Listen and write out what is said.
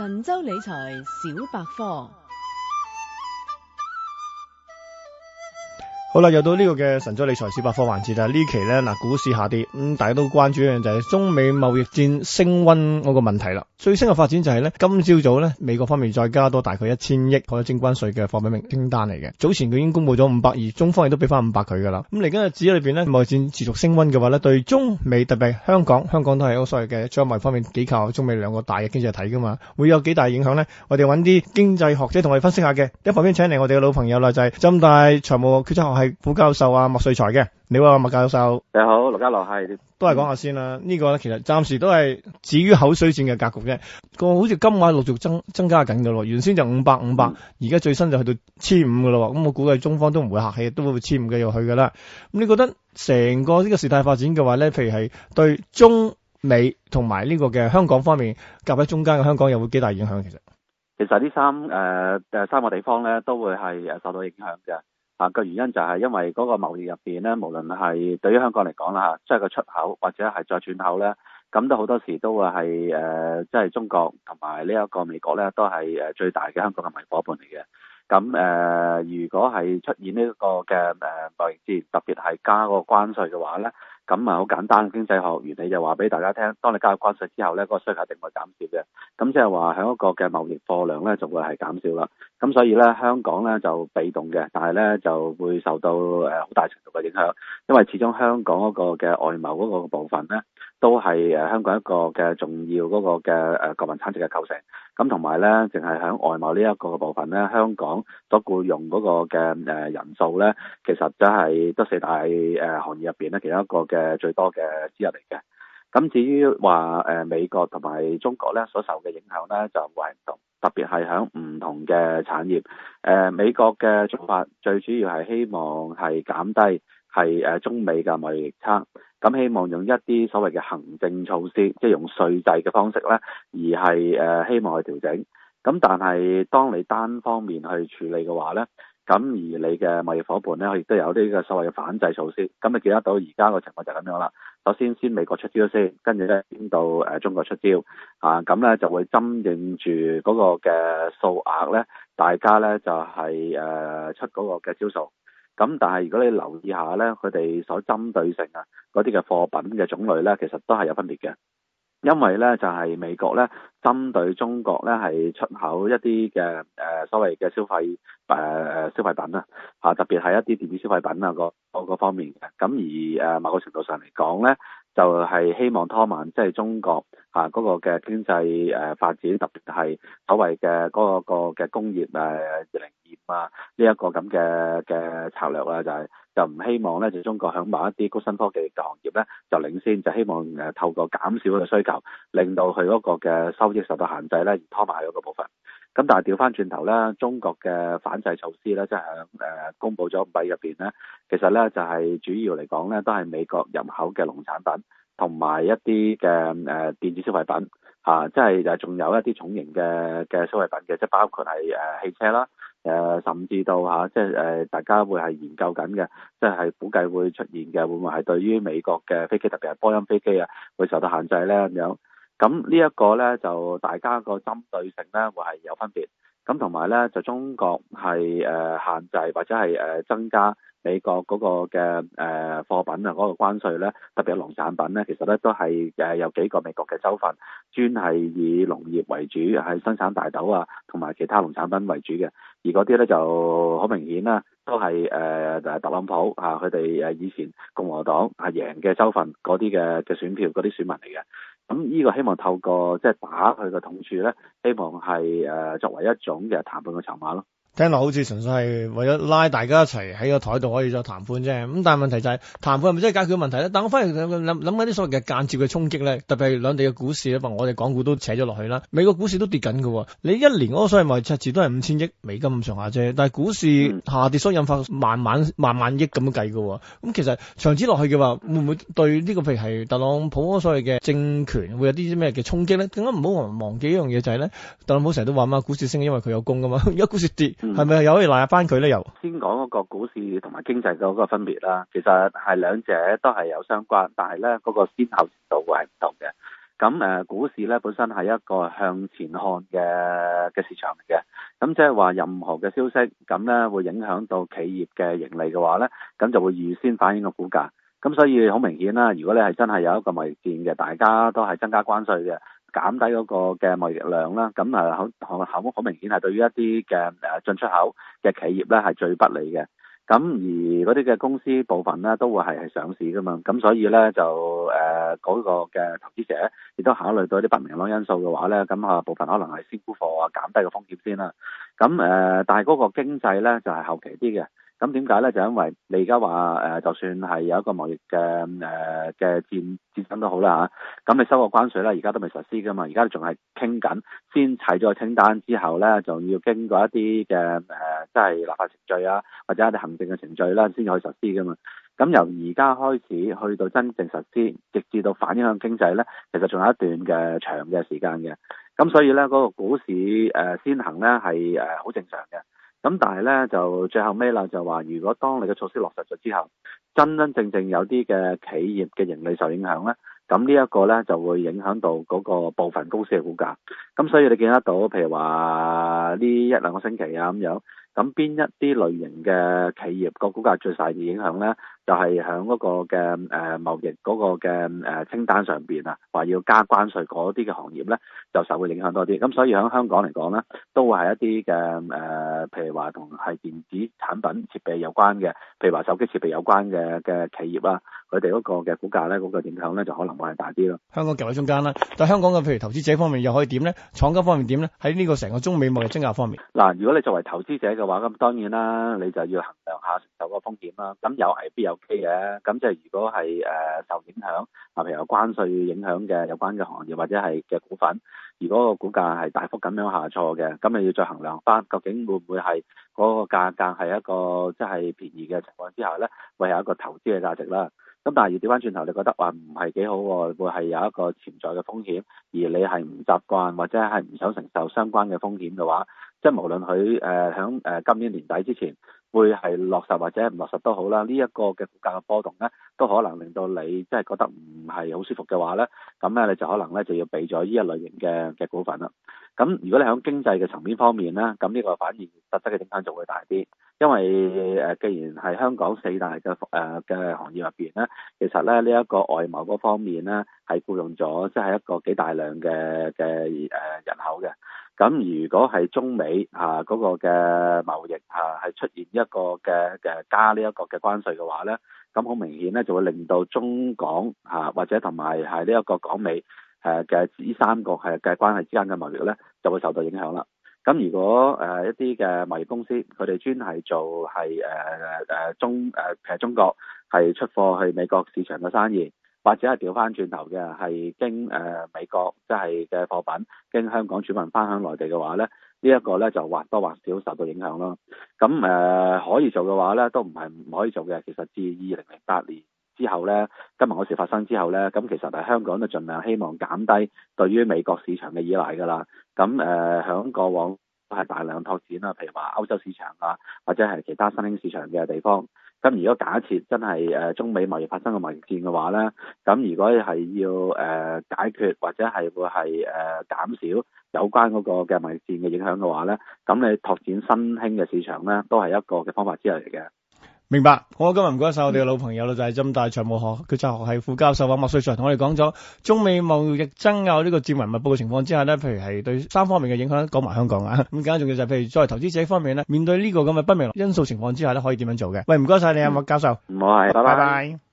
神州理財小百科，好啦，又到呢個嘅神州理財小百科環節啦。期呢期咧嗱，股市下跌，咁、嗯、大家都關注一樣就係中美貿易戰升温嗰個問題啦。最新嘅發展就係咧，今朝早咧，美國方面再加多大概一千億嗰啲徵關稅嘅貨品名清單嚟嘅。早前佢已經公布咗五百二，中方亦都俾翻五百佢噶啦。咁嚟緊嘅市裏邊咧，貿易戰持續升溫嘅話咧，對中美特別香港，香港都係我所謂嘅貿易方面，幾靠中美兩個大嘅經濟體噶嘛，會有幾大影響咧？我哋揾啲經濟學者同我哋分析下嘅。一旁邊請嚟我哋嘅老朋友啦，就係、是、浸大財務決策學系副教授啊，麥萃才嘅。你好麥教授，你好，羅家樂係，都係講下先啦。呢、嗯、個咧，其實暫時都係止於口水戰嘅格局嘅。個好似今晚陸續增增加緊嘅咯，原先就五百五百，而家最新就去到千五噶咯。咁我估計中方都唔會客氣，都會千五嘅又去噶啦。咁你覺得成個呢個事態發展嘅話咧，譬如係對中美同埋呢個嘅香港方面夾喺中間嘅香港，有會幾大影響？其實，其實呢三誒誒、呃、三個地方咧，都會係誒受到影響嘅。啊個原因就係因為嗰個貿易入邊咧，無論係對於香港嚟講啦嚇，即係個出口或者係再轉口咧，咁都好多時都會係誒，即、呃、係中國同埋呢一個美國咧，都係誒最大嘅香港嘅貿易伙伴嚟嘅。咁誒、呃，如果係出現呢一個嘅誒貿易戰，特別係加個關稅嘅話咧。咁啊，好簡單嘅經濟學原理就話俾大家聽，當你加入關稅之後呢，嗰個需求定會減少嘅。咁即係話喺嗰個嘅貿易貨量呢，就會係減少啦。咁所以呢，香港呢就被動嘅，但係呢就會受到好大程度嘅影響，因為始終香港嗰個嘅外貿嗰個部分呢。都係誒香港一個嘅重要嗰個嘅誒國民產值嘅構成，咁同埋咧淨係喺外貿呢一個嘅部分咧，香港所僱用嗰個嘅誒人數咧，其實就係得四大誒行業入邊咧，其中一個嘅最多嘅資入嚟嘅。咁至於話誒美國同埋中國咧所受嘅影響咧就會係唔同，特別係喺唔同嘅產業。誒美國嘅做法最主要係希望係減低係誒中美嘅貿易逆差。咁希望用一啲所謂嘅行政措施，即係用稅制嘅方式呢，而係、呃、希望去調整。咁但係當你單方面去處理嘅話呢，咁而你嘅貿易伙伴呢，亦都有啲嘅所謂嘅反制措施。咁你見得到而家個情況就係咁樣啦。首先先美國出招先，跟住呢先到中國出招啊，咁呢就會針對住嗰個嘅數額呢，大家呢就係誒出嗰個嘅招數。咁但係如果你留意下呢，佢哋所針對性啊～嗰啲嘅貨品嘅種類咧，其實都係有分別嘅，因為咧就係、是、美國咧針對中國咧係出口一啲嘅誒所謂嘅消費誒、呃、消費品啦、啊，特別係一啲電子消費品啊個嗰個方面嘅，咁而誒、呃、某個程度上嚟講咧，就係、是、希望拖慢即係、就是、中國嗰、啊那個嘅經濟誒、呃、發展，特別係所謂嘅嗰、那個嘅、那個、工業誒。啊啊！呢一個咁嘅嘅策略啦，就係就唔希望咧，就中國喺某一啲高新科技嘅行業咧就領先，就希望透過減少嘅需求，令到佢嗰個嘅收益受到限制咧，而拖埋咗個部分。咁但係調翻轉頭咧，中國嘅反制措施咧，即係公布咗品入面咧，其實咧就係主要嚟講咧，都係美國入口嘅農產品同埋一啲嘅誒電子消費品嚇，即係就係仲有一啲重型嘅嘅消費品嘅，即係包括係誒汽車啦。誒，甚至到吓，即係誒，大家會係研究緊嘅，即係估計會出現嘅，會唔會係對於美國嘅飛機，特別係波音飛機啊，會受到限制咧？咁樣咁呢一個咧就大家個針對性咧會係有分別。咁同埋咧，就中國係誒限制或者係誒增加美國嗰個嘅誒貨品啊嗰個關稅咧，特別係農產品咧，其實咧都係有幾個美國嘅州份專係以農業為主，係生產大豆啊同埋其他農產品為主嘅，而嗰啲咧就好明顯啦，都係誒特朗普啊、佢哋以前共和黨係贏嘅州份嗰啲嘅嘅選票嗰啲選民嚟嘅。咁呢個希望透過即係打佢嘅痛處咧，希望係誒作為一種嘅談判嘅籌碼咯。聽落好似純粹係為咗拉大家一齊喺個台度可以再談判啫，咁但係問題就係、是、談判係咪真係解決問題咧？但我反而諗諗緊啲所謂嘅間接嘅衝擊咧，特別係兩地嘅股市咧，唔，我哋港股都扯咗落去啦，美國股市都跌緊噶，你一年嗰個所謂貿易赤字都係五千億美金咁上下啫，但係股市下跌所引發萬萬萬萬億咁樣計噶，咁其實長此落去嘅話，會唔會對呢、這個譬如係特朗普嗰個所謂嘅政權會有啲啲咩嘅衝擊咧？更加唔好忘記一樣嘢就係、是、咧，特朗普成日都話啊，股市升因為佢有功噶嘛，而家股市跌。係咪又可以嗱下翻佢咧？又、嗯、先講嗰個股市同埋經濟嗰個分別啦。其實係兩者都係有相關，但係咧嗰個先後時度會係唔同嘅。咁、啊、股市咧本身係一個向前看嘅嘅市場嚟嘅。咁即係話任何嘅消息，咁咧會影響到企業嘅盈利嘅話咧，咁就會預先反映個股價。咁所以好明顯啦，如果你係真係有一個貿易戰嘅，大家都係增加關稅嘅。減低嗰個嘅貿易量啦，咁啊，行行行屋好明顯係對於一啲嘅誒進出口嘅企業咧係最不利嘅。咁而嗰啲嘅公司部分咧都會係係上市噶嘛，咁所以咧就誒嗰個嘅投資者亦都考慮到一啲不明朗因素嘅話咧，咁啊部分可能係先沽貨啊，減低個風險先啦。咁誒，但係嗰個經濟咧就係後期啲嘅。咁點解咧？就因為你而家話誒，就算係有一個貿易嘅誒嘅戰戰爭都好啦咁、啊、你收個關稅啦，而家都未實施噶嘛，而家仲係傾緊，先砌咗個清單之後咧，就要經過一啲嘅誒，即、呃、係、就是、立法程序啊，或者一啲行政嘅程序啦，先至可以實施噶嘛。咁由而家開始去到真正實施，直至到反影響經濟咧，其實仲有一段嘅長嘅時間嘅。咁所以咧，嗰、那個股市、呃、先行咧，係好、呃、正常嘅。咁但係咧就最後尾啦，就話如果當你嘅措施落實咗之後，真真正正有啲嘅企業嘅盈利受影響咧，咁呢一個咧就會影響到嗰個部分公司嘅股價。咁所以你見得到，譬如話呢一兩個星期啊咁樣，咁邊一啲類型嘅企業個股價最大嘅影響咧？就係喺嗰個嘅誒貿易嗰個嘅誒清單上邊啊，話要加關稅嗰啲嘅行業咧，就受會影響多啲。咁所以喺香港嚟講咧，都係一啲嘅誒，譬如話同係電子產品設備有關嘅，譬如話手機設備有關嘅嘅企業啦，佢哋嗰個嘅股價咧，嗰個影響咧就可能會係大啲咯。香港夾喺中間啦，但香港嘅譬如投資者方面又可以點咧？廠家方面點咧？喺呢個成個中美貿易爭拗方面嗱，如果你作為投資者嘅話，咁當然啦，你就要衡量下承受嗰風險啦。咁有係必有。K 嘅，咁即係如果係誒受影響，啊譬如有關稅影響嘅有關嘅行業或者係嘅股份，如果個股價係大幅咁樣下挫嘅，咁你要再衡量翻，究竟會唔會係嗰個價格係一個即係、就是、便宜嘅情況之下呢？會係一個投資嘅價值啦。咁但係調翻轉頭，你覺得話唔係幾好、啊，會係有一個潛在嘅風險，而你係唔習慣或者係唔想承受相關嘅風險嘅話。即係無論佢誒響誒今年年底之前會係落實或者唔落實都好啦，呢一個嘅股價嘅波動咧，都可能令到你即係覺得唔係好舒服嘅話咧，咁咧你就可能咧就要避咗呢一類型嘅嘅股份啦。咁如果你喺經濟嘅層面方面咧，咁呢個反而實質嘅影響就會大啲，因為誒既然係香港四大嘅誒嘅行業入邊咧，其實咧呢一個外貿嗰方面咧係僱用咗即係一個幾大量嘅嘅誒人口嘅。咁如果係中美嚇嗰個嘅貿易嚇係出現一個嘅嘅加呢一個嘅關稅嘅話咧，咁好明顯咧就會令到中港嚇或者同埋係呢一個港美誒嘅呢三個係嘅關係之間嘅貿易咧就會受到影響啦。咁如果誒一啲嘅貿易公司佢哋專係做係誒誒中誒其實中國係出貨去美國市場嘅生意。或者係調翻轉頭嘅，係經誒美國即係嘅貨品經香港轉運翻向內地嘅話咧，呢、這、一個咧就或多或少受到影響咯。咁誒、呃、可以做嘅話咧，都唔係唔可以做嘅。其實自二零零八年之後咧，今日嗰時發生之後咧，咁其實誒香港都盡量希望減低對於美國市場嘅依賴㗎啦。咁誒響過往都係大量拓展啦，譬如話歐洲市場啊，或者係其他新興市場嘅地方。咁如果假設真係誒中美貿易發生個貿易戰嘅話咧，咁如果係要誒、呃、解決或者係會係誒、呃、減少有關嗰個嘅貿易戰嘅影響嘅話咧，咁你拓展新興嘅市場咧，都係一個嘅方法之類嚟嘅。明白，好，今日唔該晒我哋嘅老朋友啦，嗯、就係浸大財務決策學系副教授啊，麥萃才同我哋講咗中美貿易爭拗呢個戰雲密佈嘅情況之下呢，譬如係對三方面嘅影響，講埋香港啊，咁更加重要就係譬如作為投資者方面呢，面對呢個咁嘅不明因素情況之下呢，可以點樣做嘅？喂，唔該晒你啊，嗯、麥教授，唔好係，拜拜。拜拜。